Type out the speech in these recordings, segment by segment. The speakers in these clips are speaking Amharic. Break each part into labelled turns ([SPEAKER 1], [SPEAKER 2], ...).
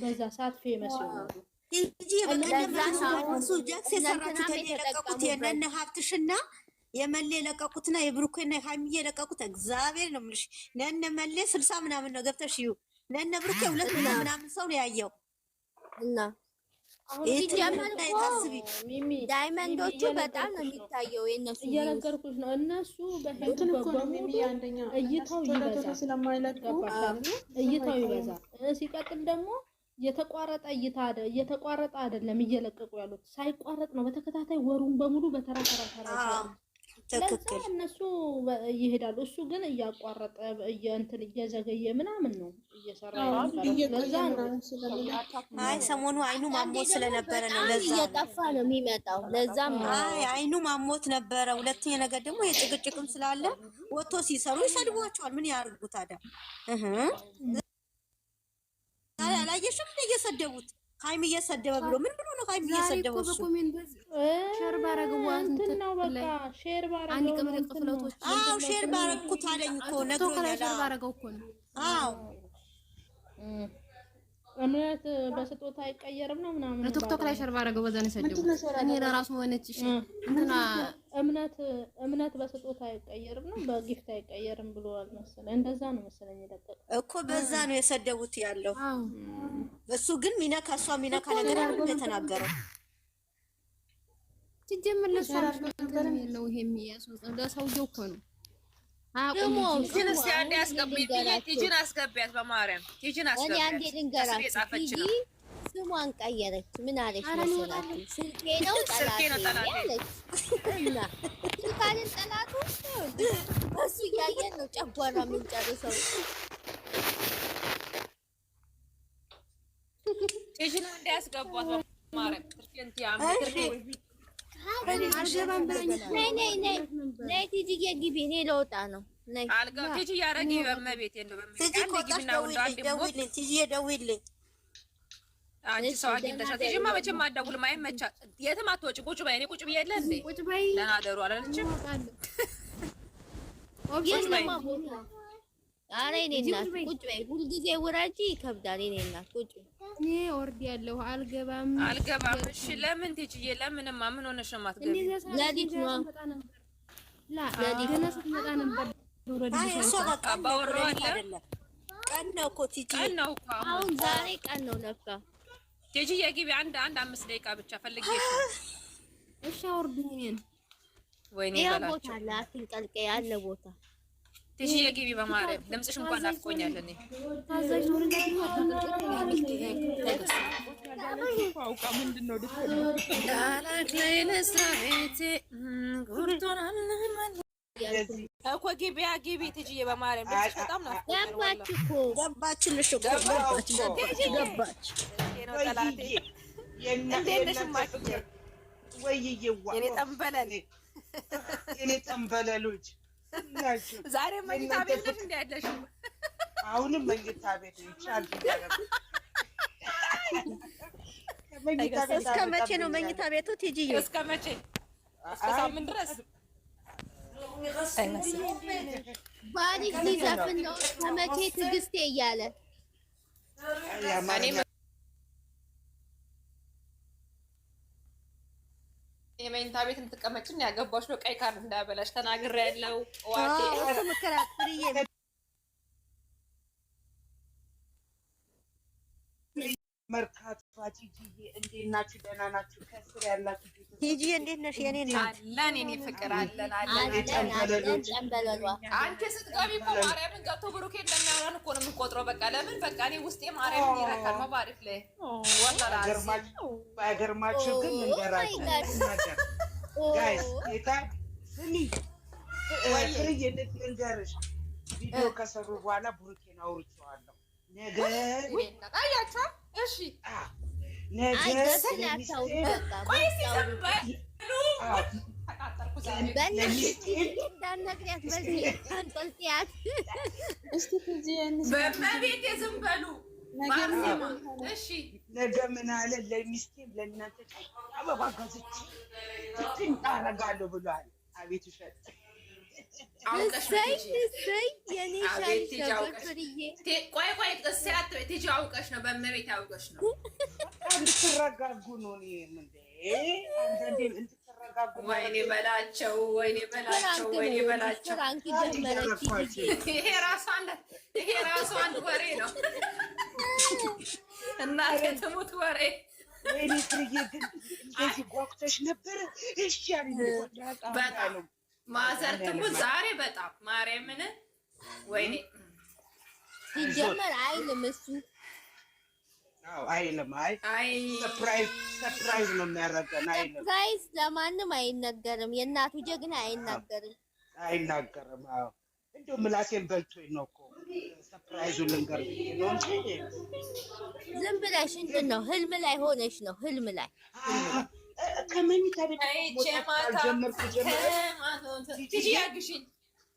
[SPEAKER 1] በዛ ሰዓት ፌመስ
[SPEAKER 2] ሀብትሽና የመሌ የለቀቁትና የብሩኬና የሀይሚዬ የለቀቁት እግዚአብሔር ነው የምልሽ። ነነ መሌ ስልሳ ምናምን ነው ገብተሽ ይዩ ነነ ብሩኬ ሁለት ምናምን ሰው ነው ያየው እና ዳይመንዶቹ በጣም ነው የሚታየው የነሱ
[SPEAKER 1] እየነገርኩሽ ነው። እነሱ እይታው ይበዛል፣ እይታው ይበዛል። ሲቀጥል ደግሞ የተቋረጠ እይታ እየተቋረጠ አይደለም እየለቀቁ ያሉት ሳይቋረጥ ነው። በተከታታይ ወሩን በሙሉ በተራ ተራ ተራ ትክክል እነሱ ይሄዳሉ። እሱ ግን እያቋረጠ እንትን እየዘገየ ምናምን ነው እየሰራ።
[SPEAKER 2] ሰሞኑ አይኑ ማሞት ስለነበረ ነው እየጠፋ
[SPEAKER 3] ነው የሚመጣው። ለዛም
[SPEAKER 2] አይ አይኑ ማሞት ነበረ። ሁለተኛ ነገር ደግሞ የጭቅጭቅም ስላለ ወጥቶ ሲሰሩ ይሰድቧቸዋል። ምን ያርጉ ታዲያ? አላየሽም እየሰደቡት ሀይሚ እየሰደበ ብሎ ምን ብሎ ነው ሀይሚ እየሰደበ
[SPEAKER 1] ሼር ባረገው እንትን ነው በቃ ሼር
[SPEAKER 2] አንድ ሼር ባረግኩት አለኝ እኮ
[SPEAKER 1] ነግሮኛል ሼር እምነት በስጦታ አይቀየርም ነው ምናምን
[SPEAKER 2] ቲክቶክ ላይ ሼር ባረገው በዛ ነው የሰደበው
[SPEAKER 1] እኔ ለራሱ ሆነች እንትና እምነት እምነት በስጦታ አይቀየርም ነው በጊፍት አይቀየርም ብለዋል መሰለኝ። እንደዛ ነው መሰለኝ የለቀቀው
[SPEAKER 2] እኮ በዛ ነው የሰደቡት ያለው። እሱ ግን ሚነካ እሷ ሚነካ ነገር አይደለም የተናገረው።
[SPEAKER 1] ሲጀምር ለሰራሽ ነገር ነው ይሄ የሚያስወጥ ለሰውየው እኮ ነው።
[SPEAKER 2] ደግሞ ቲጂን እስኪ አንዴ አስገቢያት፣ ቲጂን አስገቢያት፣ በማርያም ቲጂን
[SPEAKER 3] አስገቢያት። ስሟን ቀየረች። ምን አለች መሰላችሁ? ስልኬ ነው ጠላቴ አለች። እና ስልካልን ጠላቱ በሱ እያየን ነው ጨጓራ የምንጨርሰው። ነይ ቲጂዬ ግቢ፣ እኔ ለወጣ ነው።
[SPEAKER 2] ቲጂ ያረግ በመቤት
[SPEAKER 3] ቲጂ ቆጣሽ ደውይልኝ፣ ደውይልኝ፣ ደውይልኝ
[SPEAKER 2] አንቺ ሰው አግኝተሻት ይዤማ መቼም አትደውልም፣ አይመቻት። የትም አትወጪ፣ ቁጭ በይ። እኔ ቁጭ ብዬ የለ እንዴ ቁጭ ደህና አደሩ አላለችም? ቁጭ በይ።
[SPEAKER 3] ኧረ የእኔ እናት ቁጭ በይ። ሁልጊዜ ውረጂ ይከብዳል። የእኔ እናት ቁጭ
[SPEAKER 1] እኔ ያለው አልገባም፣
[SPEAKER 2] አልገባም። እሺ ለምን ትችዬ? ለምንማ ምን ሆነሽ ነው የማትገቢው? ለዲት
[SPEAKER 3] ነው ለዲት
[SPEAKER 1] ስትመጣ ነበር።
[SPEAKER 2] ቀን ነው እኮ ትችዬ፣
[SPEAKER 1] ቀን ነው እኮ
[SPEAKER 3] አሁን ዛሬ ቀን ነው ለካ
[SPEAKER 2] ቴጂ የግቢ አንድ አንድ አምስት ደቂቃ ብቻ ፈልጌ
[SPEAKER 1] እሺ፣ አውርዱኝ እኔን።
[SPEAKER 2] ወይኔ
[SPEAKER 3] ቦታ አለ አትንቀልቀይ ያለ ቦታ
[SPEAKER 2] ቴጂ የግቢ በማርያም ድምፅሽ እንኳን ናፍቆኛል። እኔ ታዛዥ እኮ ግቢያ ግቢ ትጅዬ በማርያም ልጅሽ በጣም ነው።
[SPEAKER 3] ገባች እኮ
[SPEAKER 2] ገባችልሽ እኮ ገባች ገባች። ዛሬ መኝታ ቤት ነሽ እንደ ያለሽው?
[SPEAKER 4] አሁንም መኝታ ቤት ይቻል
[SPEAKER 2] እስከ መቼ ነው መኝታ ቤቱ ትጅዬ? እስከ መቼ እስከ ሳምንት ድረስ
[SPEAKER 3] ባሪክ ሊዘፍን ነው ከመቼ ትዕግስቴ እያለ
[SPEAKER 2] የመኝታ ቤት የምትቀመጭን ያገባሽ ነው። ቀይ ካርድ እንዳያበላሽ ተናግሬ ያለው
[SPEAKER 4] መርካቶ ጂጂዬ፣ እንዴት ናችሁ? ደህና ናችሁ? ከስር ያላችሁ
[SPEAKER 2] ሂጂ እንዴት ነሽ? የኔ ናት አለን የኔ ፍቅር አለን
[SPEAKER 3] አለን። ጨንበለሏ
[SPEAKER 2] አንቺ ስትገቢ እኮ ማርያምን ገብቶ ብሩኬ እንደሚያወራን እኮ ነው የምንቆጥረው። በቃ ለምን በቃ እኔ ውስጤ ማርያምን ይረካል። መባሪፍ ላይ
[SPEAKER 4] ባይገርማችሁ ግን ልንገርሽ፣ ቪዲዮ ከሰሩ በኋላ ብሩኬን አውርቼዋለሁ። ነገ
[SPEAKER 2] አያቸው እሺ
[SPEAKER 4] ነገ ምን አለ ለሚስቴ ለእናንተ አበባ ገዝቼ ትንጣ አደርጋለሁ ብሏል። አቤት ውሸት!
[SPEAKER 3] ቆይ ቆይ፣
[SPEAKER 2] ቲጂ አውቀሽ ነው፣ በእመቤት አውቀሽ ነው
[SPEAKER 4] እንድትረጋጉ ነው። እኔም እንደ እንድትረጋጉ
[SPEAKER 2] ወይኔ በላቸው፣ ወይኔ በላቸው፣ ወይኔ በላቸው። ይሄ ራሱ አንድ ይሄ ራሱ ወሬ ነው እና የትሙት ወሬ
[SPEAKER 4] ወይኔ ፍርዬ ግን እንደዚህ ጓጉተሽ ነበረ። እሺ
[SPEAKER 2] በጣም ማዘር ትሙት ዛሬ በጣም ማርያምን ወይኔ
[SPEAKER 3] ሲጀመር አይልም እሱ
[SPEAKER 4] አይልም። አይ ሰርፕራይዝ ነው የሚያደርገን።
[SPEAKER 3] ሰርፕራይዝ ለማንም አይነገርም። የእናቱ ጀግና አይናገርም፣
[SPEAKER 4] አይናገርም። አዎ እንዲሁ ምላሴን በልቶኝ ነው እኮ ሰርፕራይዙን ልንገርሽ ነው
[SPEAKER 3] ዝም ብለሽ እንትን ነው። ህልም ላይ ሆነሽ ነው። ህልም ላይ
[SPEAKER 4] ከመኝታ ቤት
[SPEAKER 2] ጀመርኩ ጀመር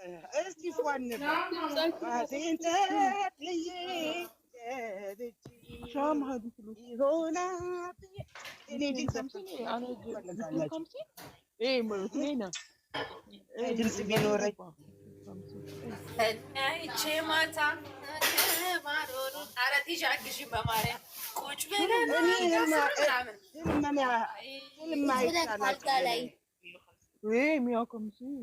[SPEAKER 4] እስቲ ድምጽ ቢኖረኝ
[SPEAKER 2] ይቼ ማታ ማሮሩ ኧረ ትይዣ አግዢኝ በማርያም ቁጭ ብለን
[SPEAKER 3] ምናምን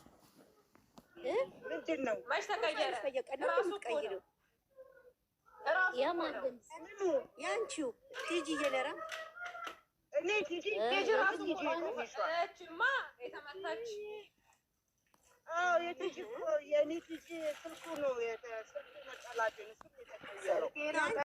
[SPEAKER 4] ምንድን ነው
[SPEAKER 2] መች ተቀየረ? እራሱ ያንቺው ቲጂ እየለራ እኔ ቲጂ እራሱ እችማ የተመታች
[SPEAKER 4] የቲጂ የእኔ ቲጂ ስልኩ ነው ስልኩ መጠላትን